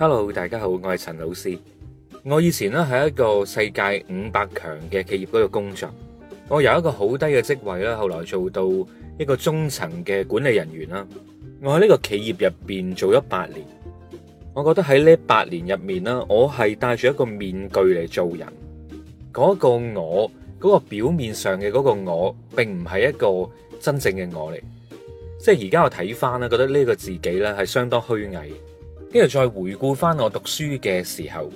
Hello，大家好，我係陳老師。我以前咧，係一個世界五百強嘅企業嗰度工作，我由一個好低嘅職位啦，後來做到一個中層嘅管理人員啦。我喺呢個企業入邊做咗八年，我覺得喺呢八年入面啦，我係戴住一個面具嚟做人，嗰個我，嗰個表面上嘅嗰個我，並唔係一個真正嘅我嚟。即係而家我睇翻啦，覺得呢個自己咧，係相當虛偽。跟住再回顧翻我讀書嘅時候，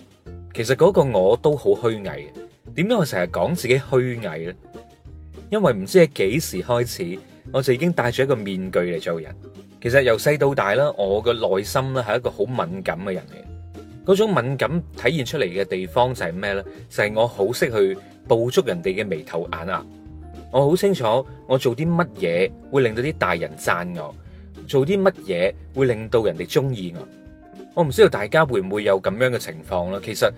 其實嗰個我都好虛偽。點解我成日講自己虛偽呢？因為唔知係幾時開始，我就已經戴住一個面具嚟做人。其實由細到大啦，我嘅內心咧係一個好敏感嘅人嚟。嗰種敏感體現出嚟嘅地方就係咩呢？就係我好識去捕捉人哋嘅眉頭眼額。我好清楚我做啲乜嘢會令到啲大人讚我，做啲乜嘢會令到人哋中意我。我唔知道大家會唔會有咁樣嘅情況啦。其實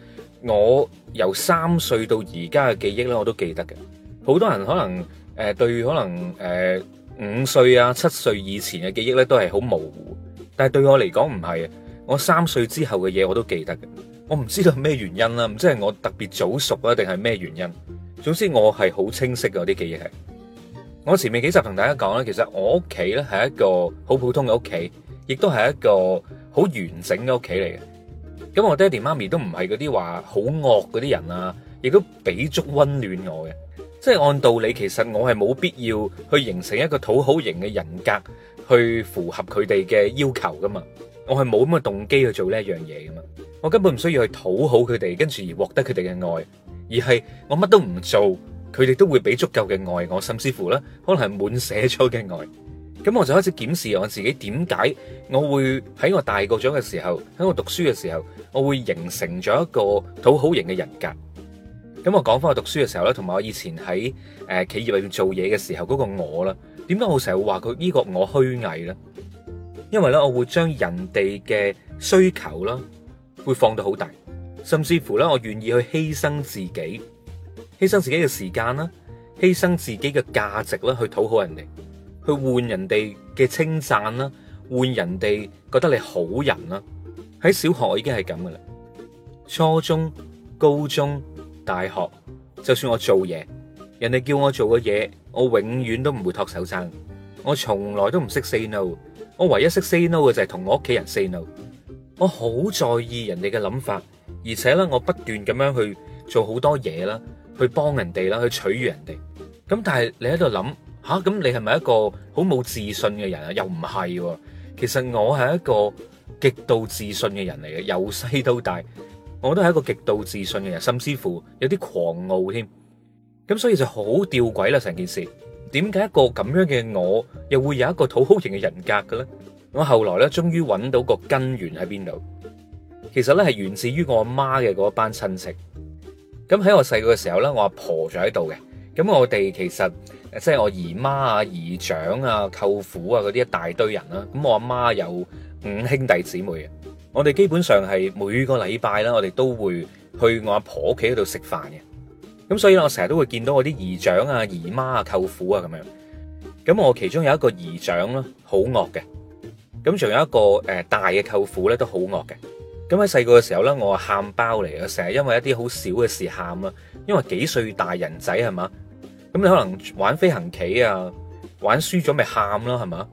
我由三歲到而家嘅記憶咧，我都記得嘅。好多人可能誒對可能誒五歲啊七歲以前嘅記憶咧都係好模糊，但係對我嚟講唔係。我三歲之後嘅嘢我都記得嘅。我唔知道咩原因啦，即係我特別早熟啊，定係咩原因？是是原因總之我係好清晰嘅啲記憶係。我前面幾集同大家講咧，其實我屋企咧係一個好普通嘅屋企，亦都係一個。好完整嘅屋企嚟嘅，咁我爹哋媽咪都唔係嗰啲話好惡嗰啲人啊，亦都俾足溫暖我嘅。即係按道理，其實我係冇必要去形成一個討好型嘅人格，去符合佢哋嘅要求噶嘛。我係冇咁嘅動機去做呢一樣嘢噶嘛。我根本唔需要去討好佢哋，跟住而獲得佢哋嘅愛，而係我乜都唔做，佢哋都會俾足夠嘅愛我，甚至乎咧可能係滿寫咗嘅愛。咁我就開始檢視我自己，點解我會喺我大個咗嘅時候，喺我讀書嘅時候，我會形成咗一個討好型嘅人格。咁我講翻我讀書嘅時候咧，同埋我以前喺誒、呃、企業裏面做嘢嘅時候嗰、嗰個我啦，點解我成日會話佢呢個我虛偽咧？因為咧我會將人哋嘅需求啦，會放到好大，甚至乎咧我願意去犧牲自己，犧牲自己嘅時間啦，犧牲自己嘅價值啦，去討好人哋。去換人哋嘅稱讚啦，換人哋覺得你好人啦。喺小學我已經係咁噶啦，初中、高中、大學，就算我做嘢，人哋叫我做嘅嘢，我永遠都唔會托手踭。我從來都唔識 say no，我唯一識 say no 嘅就係同我屋企人 say no。我好在意人哋嘅諗法，而且咧，我不斷咁樣去做好多嘢啦，去幫人哋啦，去取悅人哋。咁但係你喺度諗。吓咁、啊、你係咪一個好冇自信嘅人啊？又唔係、啊，其實我係一個極度自信嘅人嚟嘅，由細到大，我都係一個極度自信嘅人，甚至乎有啲狂傲添。咁所以就好吊詭啦，成件事，點解一個咁樣嘅我，又會有一個討好型嘅人格嘅咧？我後來咧，終於揾到個根源喺邊度？其實咧係源自於我阿媽嘅嗰班親戚。咁喺我細個嘅時候咧，我阿婆就喺度嘅，咁我哋其實。即係我姨媽啊、姨丈啊、舅父啊嗰啲一大堆人啦。咁我阿媽有五兄弟姊妹嘅，我哋基本上係每個禮拜啦，我哋都會去我阿婆屋企嗰度食飯嘅。咁所以我成日都會見到我啲姨丈啊、姨媽啊、舅父啊咁樣。咁我其中有一個姨丈啦，好惡嘅。咁仲有一個誒、呃、大嘅舅父咧，都好惡嘅。咁喺細個嘅時候咧，我喊包嚟啊，成日因為一啲好小嘅事喊啊，因為幾歲大人仔係嘛。是吧咁你可能玩飛行棋啊，玩輸咗咪喊囉，係嘛？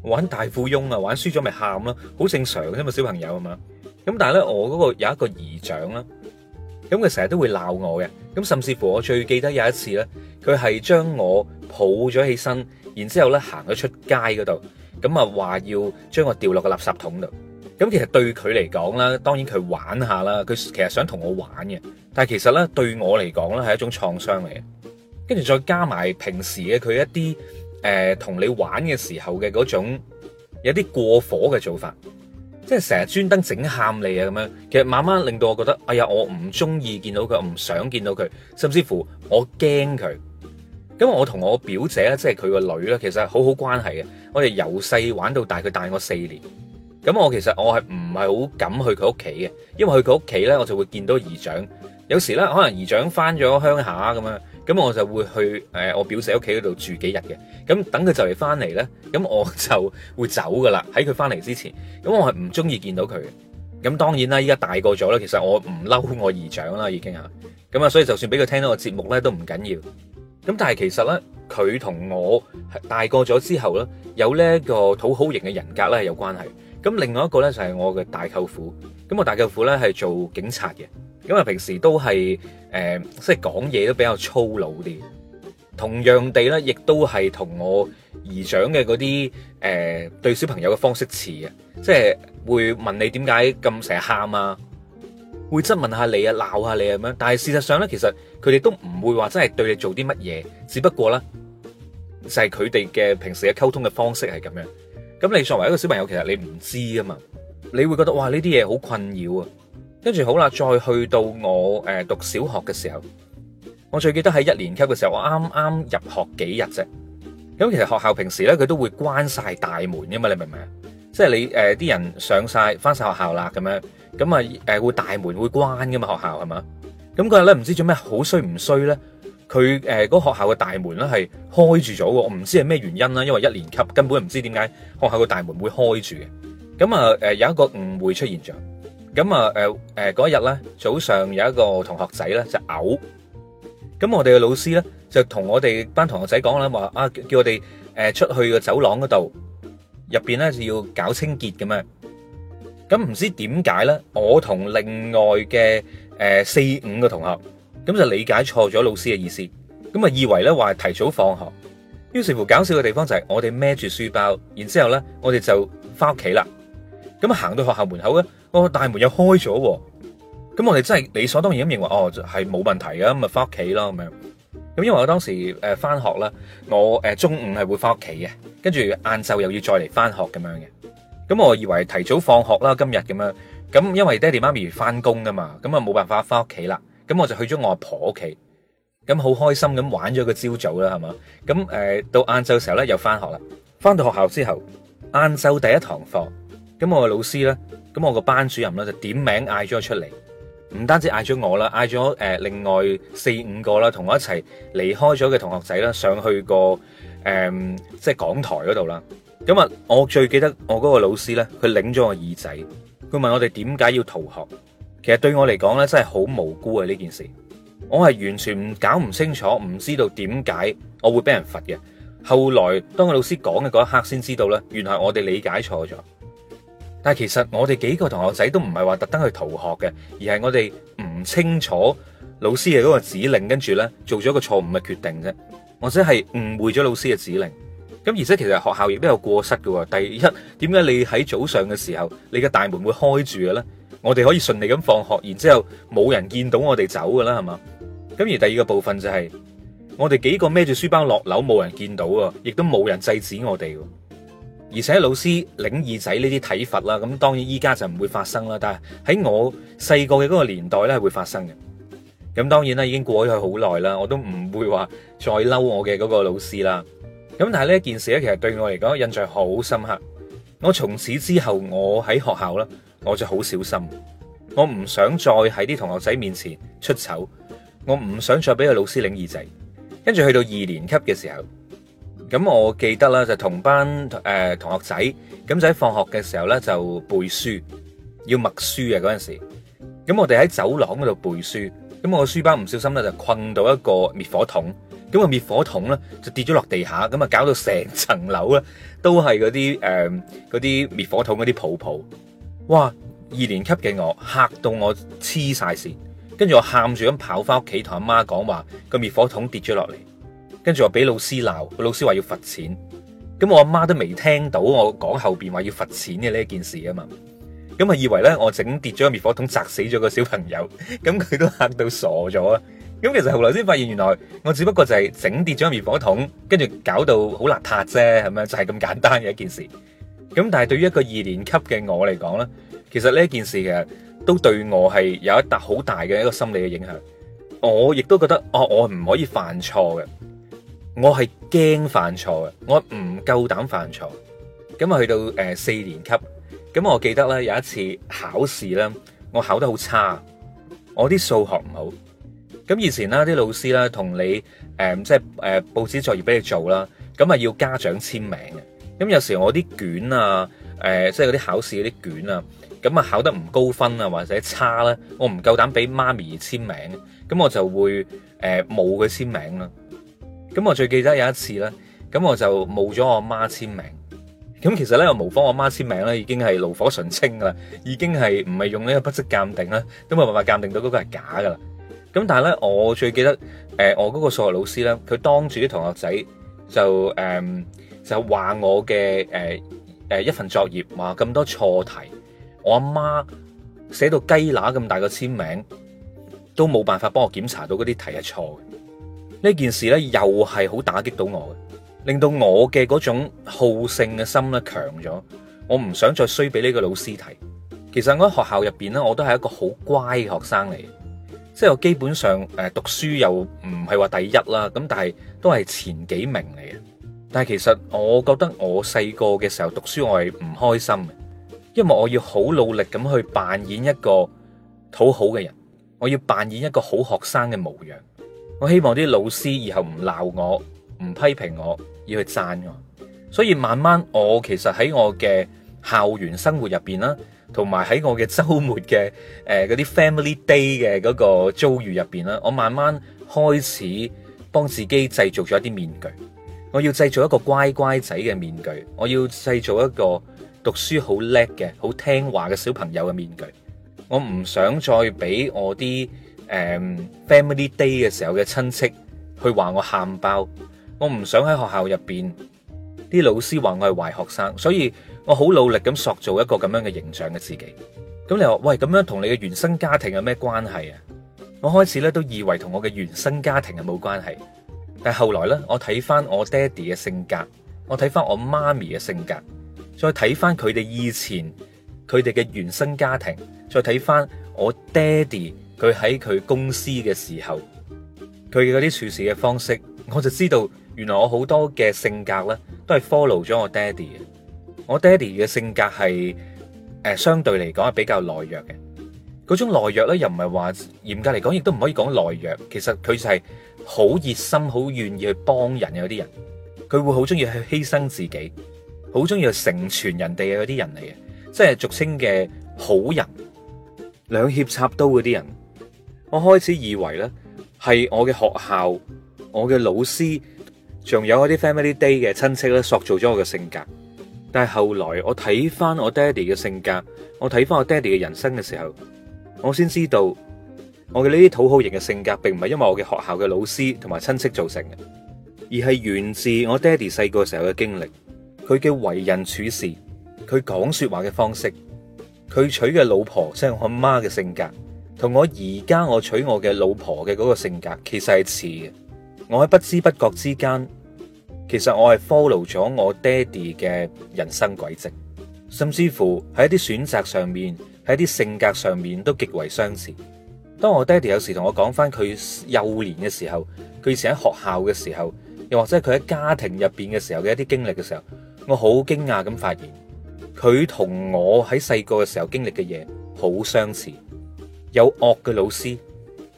玩大富翁啊，玩輸咗咪喊囉，好正常啫嘛，小朋友係嘛？咁但係咧，我嗰個有一個姨丈啦，咁佢成日都會鬧我嘅，咁甚至乎我最記得有一次咧，佢係將我抱咗起身，然之後咧行咗出街嗰度，咁啊話要將我掉落個垃圾桶度。咁其實對佢嚟講啦，當然佢玩下啦，佢其實想同我玩嘅，但係其實咧對我嚟講咧係一種創傷嚟嘅。跟住再加埋平時嘅佢一啲，誒、呃、同你玩嘅時候嘅嗰種有啲過火嘅做法，即係成日專登整喊你啊咁樣。其實慢慢令到我覺得，哎呀，我唔中意見到佢，唔想見到佢，甚至乎我驚佢。咁我同我表姐咧，即係佢個女咧，其實好好關係嘅。我哋由細玩到大，佢大我四年。咁我其實我係唔係好敢去佢屋企嘅。因為去佢屋企咧，我就會見到姨丈。有時咧，可能姨丈翻咗鄉下咁樣咁我就會去誒、呃、我表姐屋企嗰度住幾日嘅，咁等佢就嚟翻嚟呢，咁我就會走噶啦，喺佢翻嚟之前，咁我係唔中意見到佢嘅。咁當然啦，依家大個咗啦，其實我唔嬲我姨丈啦已經嚇，咁啊所以就算俾佢聽到個節目呢都唔緊要。咁但係其實呢，佢同我大個咗之後呢，有呢一個討好型嘅人格呢有關係。咁另外一個呢，就係我嘅大舅父，咁我大舅父呢係做警察嘅。因為平時都係誒，即係講嘢都比較粗魯啲。同樣地咧，亦都係同我姨丈嘅嗰啲誒對小朋友嘅方式似嘅，即係會問你點解咁成日喊啊，會質問下你啊，鬧下你啊咁樣。但係事實上咧，其實佢哋都唔會話真係對你做啲乜嘢，只不過咧就係佢哋嘅平時嘅溝通嘅方式係咁樣。咁你作為一個小朋友，其實你唔知啊嘛，你會覺得哇呢啲嘢好困擾啊！跟住好啦，再去到我誒讀小學嘅時候，我最記得喺一年級嘅時候，我啱啱入學幾日啫。咁其實學校平時咧，佢都會關晒大門㗎嘛，你明唔明？即係你誒啲、呃、人上晒翻晒學校啦，咁樣咁啊誒會大門會關㗎嘛？學校係嘛？咁佢日咧，唔知做咩好衰唔衰咧？佢誒嗰個學校嘅大門咧係開住咗嘅，我唔知係咩原因啦，因為一年級根本唔知點解學校嘅大門會開住嘅。咁啊誒有一個誤會出現咗。咁啊，誒誒，嗰一日咧，早上有一個同學仔咧就嘔。咁我哋嘅老師咧就同我哋班同學仔講啦，話啊叫我哋誒出去個走廊嗰度入邊咧，就要搞清潔咁啊。咁唔知點解咧？我同另外嘅誒四五個同學咁就理解錯咗老師嘅意思，咁啊以為咧話係提早放學。於是乎搞笑嘅地方就係我哋孭住書包，然之後咧我哋就翻屋企啦。咁行到學校門口咧，個、哦、大門又開咗，咁我哋真係理所當然咁認為哦，係冇問題嘅，咁咪翻屋企咯咁樣。咁因為我當時誒翻學啦，我誒中午係會翻屋企嘅，跟住晏晝又要再嚟翻學咁樣嘅。咁我以為提早放學啦，今日咁樣。咁因為爹哋媽咪翻工噶嘛，咁啊冇辦法翻屋企啦。咁我就去咗我阿婆屋企，咁好開心咁玩咗個朝早啦，係嘛？咁誒到晏晝嘅時候咧，又翻學啦。翻到學校之後，晏晝第一堂課，咁我嘅老師咧。咁我個班主任咧就點名嗌咗出嚟，唔單止嗌咗我啦，嗌咗誒另外四五個啦，同我一齊離開咗嘅同學仔啦，上去個誒、呃、即係講台嗰度啦。咁啊，我最記得我嗰個老師咧，佢擰咗我耳仔，佢問我哋點解要逃學。其實對我嚟講咧，真係好無辜啊呢件事，我係完全唔搞唔清楚，唔知道點解我會俾人罰嘅。後來當個老師講嘅嗰一刻，先知道咧，原來我哋理解錯咗。但其實我哋幾個同學仔都唔係話特登去逃學嘅，而係我哋唔清楚老師嘅嗰個指令，跟住呢，做咗個錯誤嘅決定啫，或者係誤會咗老師嘅指令。咁而且其實學校亦都有過失噶。第一，點解你喺早上嘅時候，你嘅大門會開住嘅咧？我哋可以順利咁放學，然之後冇人見到我哋走噶啦，係嘛？咁而第二個部分就係我哋幾個孭住書包落樓，冇人見到啊，亦都冇人制止我哋。而且老師擰耳仔呢啲體罰啦，咁當然依家就唔會發生啦。但係喺我細個嘅嗰個年代呢，會發生嘅。咁當然啦，已經過咗去好耐啦，我都唔會話再嬲我嘅嗰個老師啦。咁但係呢件事呢，其實對我嚟講印象好深刻。我從此之後，我喺學校呢，我就好小心。我唔想再喺啲同學仔面前出醜，我唔想再俾個老師擰耳仔。跟住去到二年級嘅時候。咁我記得啦，就同班誒、呃、同學仔，咁就喺放學嘅時候咧，就背書，要默書啊嗰陣時。咁我哋喺走廊嗰度背書，咁我書包唔小心咧就困到一個滅火筒，咁、個滅火筒咧就跌咗落地下，咁啊搞到成層樓咧都係嗰啲誒嗰啲滅火筒嗰啲泡泡，哇！二年級嘅我嚇到我黐晒線，跟住我喊住咁跑翻屋企同阿媽講話、個滅火筒跌咗落嚟。跟住我俾老師鬧，個老師話要罰錢，咁我阿媽都未聽到我講後邊話要罰錢嘅呢一件事啊嘛，咁啊以為呢，我整跌咗個滅火筒砸死咗個小朋友，咁佢都吓到傻咗啊！咁其實後來先發現，原來我只不過就係整跌咗個滅火筒，跟住搞到好邋遢啫，咁樣就係咁簡單嘅一件事。咁但係對於一個二年級嘅我嚟講呢，其實呢件事其實都對我係有一笪好大嘅一個心理嘅影響。我亦都覺得，哦，我唔可以犯錯嘅。我係驚犯錯嘅，我唔夠膽犯錯。咁啊，去到誒四年級，咁我記得咧有一次考試啦，我考得好差，我啲數學唔好。咁以前啦，啲老師啦同你誒即係誒佈置作業俾你做啦，咁啊要家長簽名嘅。咁有時我啲卷啊，誒即係嗰啲考試嗰啲卷啊，咁啊考得唔高分啊或者差啦，我唔夠膽俾媽咪簽名嘅，咁我就會誒冇佢簽名啦。咁我最記得有一次咧，咁我就冒咗我媽簽名。咁其實咧，我模仿我媽簽名咧，已經係爐火純青噶啦，已經係唔係用呢個筆跡鑑定啦，都冇辦法鑑定到嗰個係假噶啦。咁但係咧，我最記得誒，我嗰個數學老師咧，佢當住啲同學仔就誒、呃、就話我嘅誒誒一份作業話咁多錯題，我阿媽寫到雞乸咁大個簽名，都冇辦法幫我檢查到嗰啲題係錯嘅。呢件事咧又係好打擊到我嘅，令到我嘅嗰種好勝嘅心咧強咗，我唔想再衰俾呢個老師睇。其實我喺學校入邊咧，我都係一個好乖嘅學生嚟，即係我基本上誒讀書又唔係話第一啦，咁但係都係前幾名嚟。但係其實我覺得我細個嘅時候讀書我係唔開心嘅，因為我要好努力咁去扮演一個討好嘅人，我要扮演一個好學生嘅模樣。我希望啲老師以後唔鬧我，唔批評我，要去讚我。所以慢慢，我其實喺我嘅校園生活入邊啦，同埋喺我嘅周末嘅誒嗰啲 family day 嘅嗰個遭遇入邊啦，我慢慢開始幫自己製造咗一啲面具。我要製造一個乖乖仔嘅面具，我要製造一個讀書好叻嘅、好聽話嘅小朋友嘅面具。我唔想再俾我啲。誒，um，Family Day 嘅時候嘅親戚去話我喊包，我唔想喺學校入邊啲老師話我係壞學生，所以我好努力咁塑造一個咁樣嘅形象嘅自己。咁你話喂，咁樣同你嘅原生家庭有咩關係啊？我開始咧都以為同我嘅原生家庭係冇關係，但係後來咧，我睇翻我爹哋嘅性格，我睇翻我媽咪嘅性格，再睇翻佢哋以前佢哋嘅原生家庭，再睇翻我爹哋。佢喺佢公司嘅時候，佢嘅嗰啲處事嘅方式，我就知道原來我好多嘅性格咧，都係 follow 咗我爹哋嘅。我爹哋嘅性格係誒相對嚟講係比較懦弱嘅。嗰種懦弱咧，又唔係話嚴格嚟講，亦都唔可以講懦弱。其實佢就係好熱心、好願意去幫人嘅嗰啲人。佢會好鍾意去犧牲自己，好鍾意去成全人哋嘅嗰啲人嚟嘅，即係俗稱嘅好人、兩肋插刀嗰啲人。我開始以為咧係我嘅學校、我嘅老師，仲有我啲 family day 嘅親戚咧塑造咗我嘅性格。但係後來我睇翻我爹哋嘅性格，我睇翻我爹哋嘅人生嘅時候，我先知道我嘅呢啲討好型嘅性格，並唔係因為我嘅學校嘅老師同埋親戚造成嘅，而係源自我爹哋細個時候嘅經歷，佢嘅為人處事，佢講說話嘅方式，佢娶嘅老婆即係、就是、我媽嘅性格。同我而家我娶我嘅老婆嘅嗰個性格，其實係似嘅。我喺不知不覺之間，其實我係 follow 咗我爹哋嘅人生軌跡，甚至乎喺一啲選擇上面，喺一啲性格上面都極為相似。當我爹哋有時同我講翻佢幼年嘅時候，佢以前喺學校嘅時候，又或者佢喺家庭入邊嘅時候嘅一啲經歷嘅時候，我好驚訝咁發現，佢同我喺細個嘅時候經歷嘅嘢好相似。有惡嘅老師，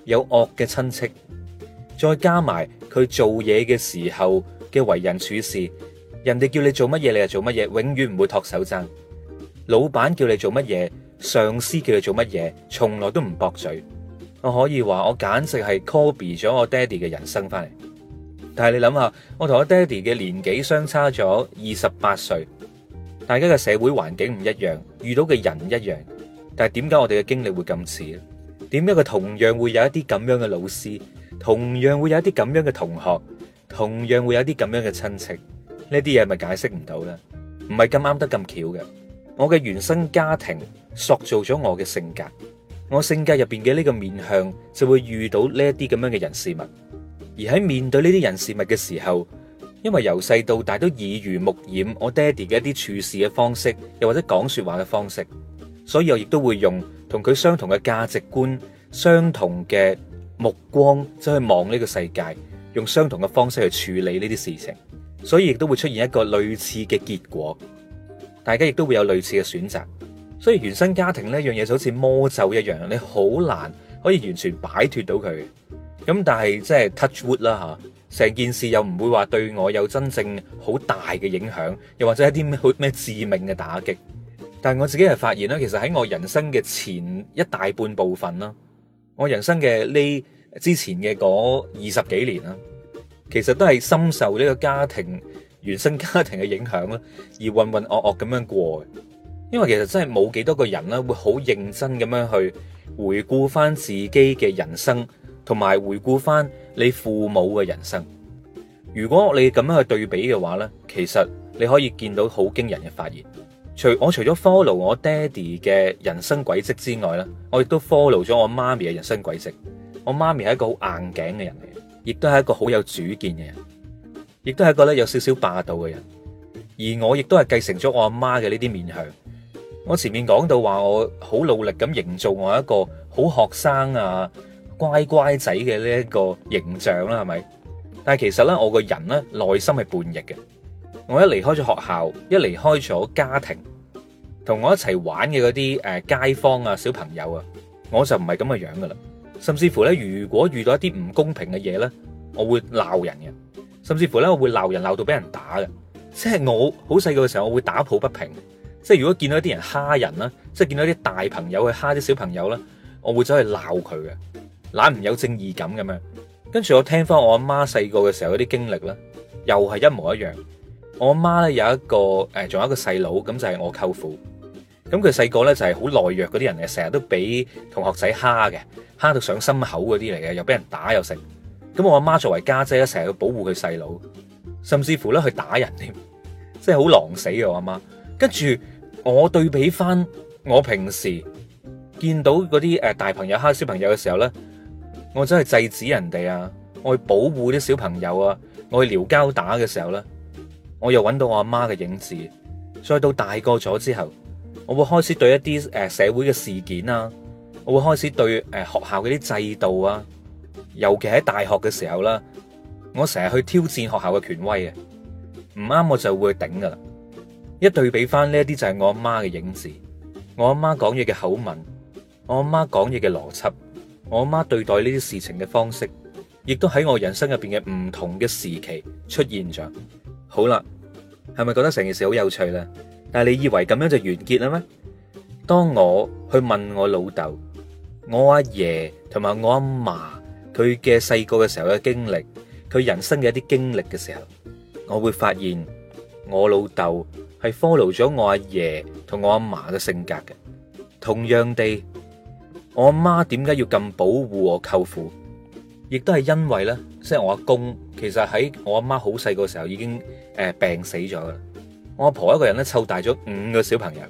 有惡嘅親戚，再加埋佢做嘢嘅時候嘅為人處事，人哋叫你做乜嘢你就做乜嘢，永遠唔會托手踭。老闆叫你做乜嘢，上司叫你做乜嘢，從來都唔駁嘴。我可以話我簡直係 copy 咗我爹哋嘅人生翻嚟。但係你諗下，我同我爹哋嘅年紀相差咗二十八歲，大家嘅社會環境唔一樣，遇到嘅人一樣，但係點解我哋嘅經歷會咁似咧？點解佢同樣會有一啲咁樣嘅老師，同樣會有一啲咁樣嘅同學，同樣會有一啲咁樣嘅親戚，呢啲嘢咪解釋唔到咧？唔係咁啱得咁巧嘅。我嘅原生家庭塑造咗我嘅性格，我性格入邊嘅呢個面向就會遇到呢一啲咁樣嘅人事物，而喺面對呢啲人事物嘅時候，因為由細到大都耳濡目染我爹哋嘅一啲處事嘅方式，又或者講說話嘅方式。所以我亦都會用同佢相同嘅價值觀、相同嘅目光，走去望呢個世界，用相同嘅方式去處理呢啲事情，所以亦都會出現一個類似嘅結果。大家亦都會有類似嘅選擇。所以原生家庭呢樣嘢就好似魔咒一樣，你好難可以完全擺脱到佢。咁但係即係 touch wood 啦吓，成件事又唔會話對我有真正好大嘅影響，又或者一啲咩咩致命嘅打擊。但係我自己係發現咧，其實喺我人生嘅前一大半部分啦，我人生嘅呢之前嘅嗰二十幾年啦，其實都係深受呢個家庭原生家庭嘅影響啦，而混混噩噩咁樣過嘅。因為其實真係冇幾多個人啦，會好認真咁樣去回顧翻自己嘅人生，同埋回顧翻你父母嘅人生。如果你咁樣去對比嘅話，其實你可以見到好驚人嘅發現。除我除咗 follow 我爹哋嘅人生軌跡之外咧，我亦都 follow 咗我媽咪嘅人生軌跡。我媽咪係一個好硬頸嘅人嚟，亦都係一個好有主見嘅人，亦都係一個咧有少少霸道嘅人。而我亦都係繼承咗我阿媽嘅呢啲面向。我前面講到話我好努力咁營造我一個好學生啊乖乖仔，嘅呢一個形象啦，係咪？但係其實咧我個人咧內心係叛逆嘅。我一離開咗學校，一離開咗家庭，同我一齊玩嘅嗰啲誒街坊啊、小朋友啊，我就唔係咁嘅樣噶啦。甚至乎呢，如果遇到一啲唔公平嘅嘢呢，我會鬧人嘅。甚至乎呢，我會鬧人鬧到俾人打嘅。即係我好細個嘅時候，我會打抱不平。即係如果見到啲人蝦人啦，即係見到啲大朋友去蝦啲小朋友啦，我會走去鬧佢嘅，懶唔有正義感咁樣。跟住我聽翻我阿媽細個嘅時候嗰啲經歷咧，又係一模一樣。我阿媽咧，有一個誒，仲有一個細佬，咁就係我舅父。咁佢細個咧就係好懦弱嗰啲人嚟，成日都俾同學仔蝦嘅，蝦到上心口嗰啲嚟嘅，又俾人打又食。咁我阿媽作為家姐咧，成日要保護佢細佬，甚至乎咧去打人添，即係好狼死嘅我阿媽。跟住我對比翻我平時見到嗰啲誒大朋友蝦小朋友嘅時候咧，我真係制止人哋啊，我去保護啲小朋友啊，我去撩交打嘅時候咧，我又揾到我阿媽嘅影子。再到大個咗之後，我會開始對一啲誒社會嘅事件啊，我會開始對誒學校嗰啲制度啊，尤其喺大學嘅時候啦，我成日去挑戰學校嘅權威啊，唔啱我就會頂噶。一對比翻呢一啲，就係我阿媽嘅影子，我阿媽講嘢嘅口吻，我阿媽講嘢嘅邏輯，我阿媽對待呢啲事情嘅方式，亦都喺我人生入邊嘅唔同嘅時期出現咗。好啦，係咪覺得成件事好有趣咧？但係你以為咁樣就完結啦咩？當我去問我老豆、我阿爺同埋我阿媽佢嘅細個嘅時候嘅經歷，佢人生嘅一啲經歷嘅時候，我會發現我老豆係 follow 咗我阿爺同我阿媽嘅性格嘅。同樣地，我阿媽點解要咁保護我舅父，亦都係因為咧，即係我阿公。其實喺我阿媽好細個嘅時候已經誒、呃、病死咗啦。我阿婆一個人咧湊大咗五個小朋友。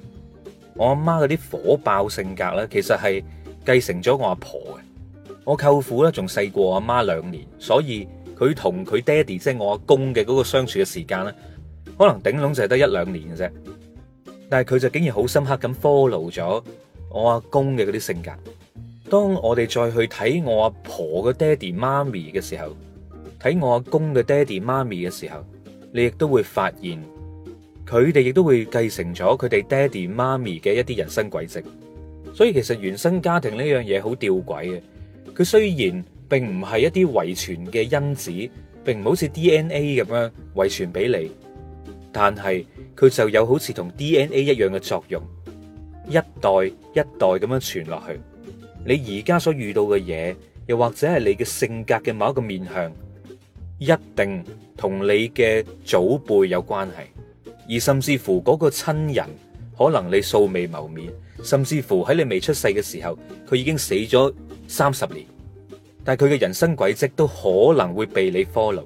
我阿媽嗰啲火爆性格咧，其實係繼承咗我阿婆嘅。我舅父咧仲細過我阿媽兩年，所以佢同佢爹哋即係我阿公嘅嗰個相處嘅時間咧，可能頂籠就係得一兩年嘅啫。但係佢就竟然好深刻咁 follow 咗我阿公嘅嗰啲性格。當我哋再去睇我阿婆嘅爹哋媽咪嘅時候，睇我阿公嘅爹哋媽咪嘅時候，你亦都會發現佢哋亦都會繼承咗佢哋爹哋媽咪嘅一啲人生軌跡。所以其實原生家庭呢樣嘢好吊詭嘅，佢雖然並唔係一啲遺傳嘅因子，並唔好似 DNA 咁樣遺傳俾你，但係佢就有好似同 DNA 一樣嘅作用，一代一代咁樣傳落去。你而家所遇到嘅嘢，又或者係你嘅性格嘅某一個面向。一定同你嘅祖輩有關係，而甚至乎嗰個親人，可能你素未謀面，甚至乎喺你未出世嘅時候，佢已經死咗三十年，但係佢嘅人生軌跡都可能會被你 follow。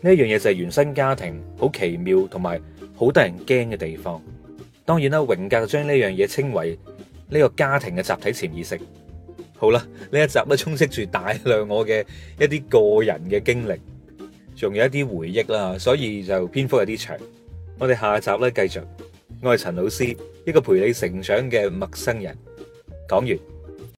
呢一樣嘢就係原生家庭，好奇妙同埋好得人驚嘅地方。當然啦，榮格將呢樣嘢稱為呢個家庭嘅集體潛意識。好啦，呢一集都充斥住大量我嘅一啲個人嘅經歷。仲有一啲回憶啦，所以就篇幅有啲長。我哋下一集呢，繼續，我係陳老師，一個陪你成長嘅陌生人。講完。